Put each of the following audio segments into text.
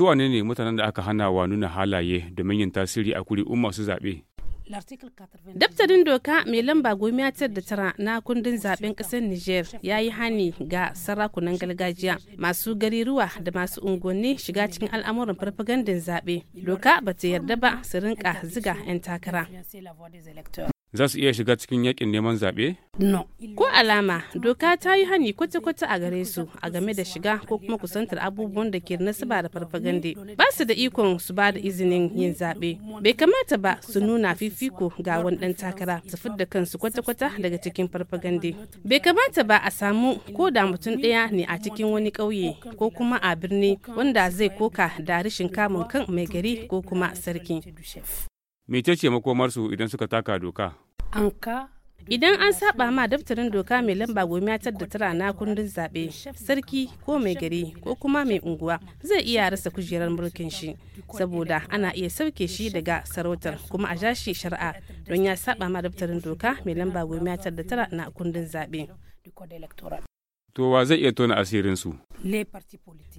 su wane ne mutanen da aka hana wa nuna halaye domin yin tasiri a kuri'un masu zaɓe Daftarin doka mai lamba goma da tara na kundin zaben ƙasar Niger ya yi hani ga sarakunan gargajiya masu gariruwa da masu unguwanni shiga cikin al'amuran farfagandun zaɓe. Doka ba ta yarda ba su rinka ziga 'yan takara. Za su iya shiga cikin yakin neman zaɓe? No. Ko alama doka ta yi hani kwata-kwata a gare su a game da shiga ko kuma kusantar abubuwan da ke nasaba da farfagande ba su da ikon su ba da izinin yin zaɓe. Bai kamata ba su nuna fifiko ga wani ɗan takara su da kansu kwata-kwata daga cikin farfagande. Bai kamata ba a samu ko da mutum ɗaya ne a cikin wani ƙauye ko kuma a birni wanda zai koka da rashin kamun kan mai gari ko kuma sarki. Mece ce makomarsu idan suka taka doka? Anka Idan an saba ma daftarin doka mai lamba goma tar da tara na kundin zaɓe, sarki ko mai gari ko kuma mai unguwa zai iya rasa kujerar mulkin shi saboda ana iya sauke shi daga sarautar kuma a jashi shari'a don ya saba ma daftarin doka mai lamba goma tar da tara na kundin zaɓe. to wa zai iya tona su.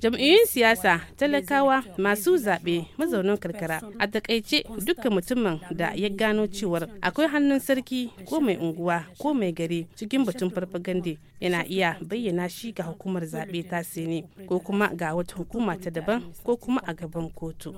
Jam'iyyun siyasa, talakawa, masu zaɓe, mazaunin karkara, a takaice dukkan mutumin da ya gano cewar akwai hannun sarki ko mai unguwa ko mai gari cikin batun farfagande yana iya bayyana shi ga hukumar zaɓe ta sene ko kuma ga wata hukuma ta daban ko kuma a gaban kotu.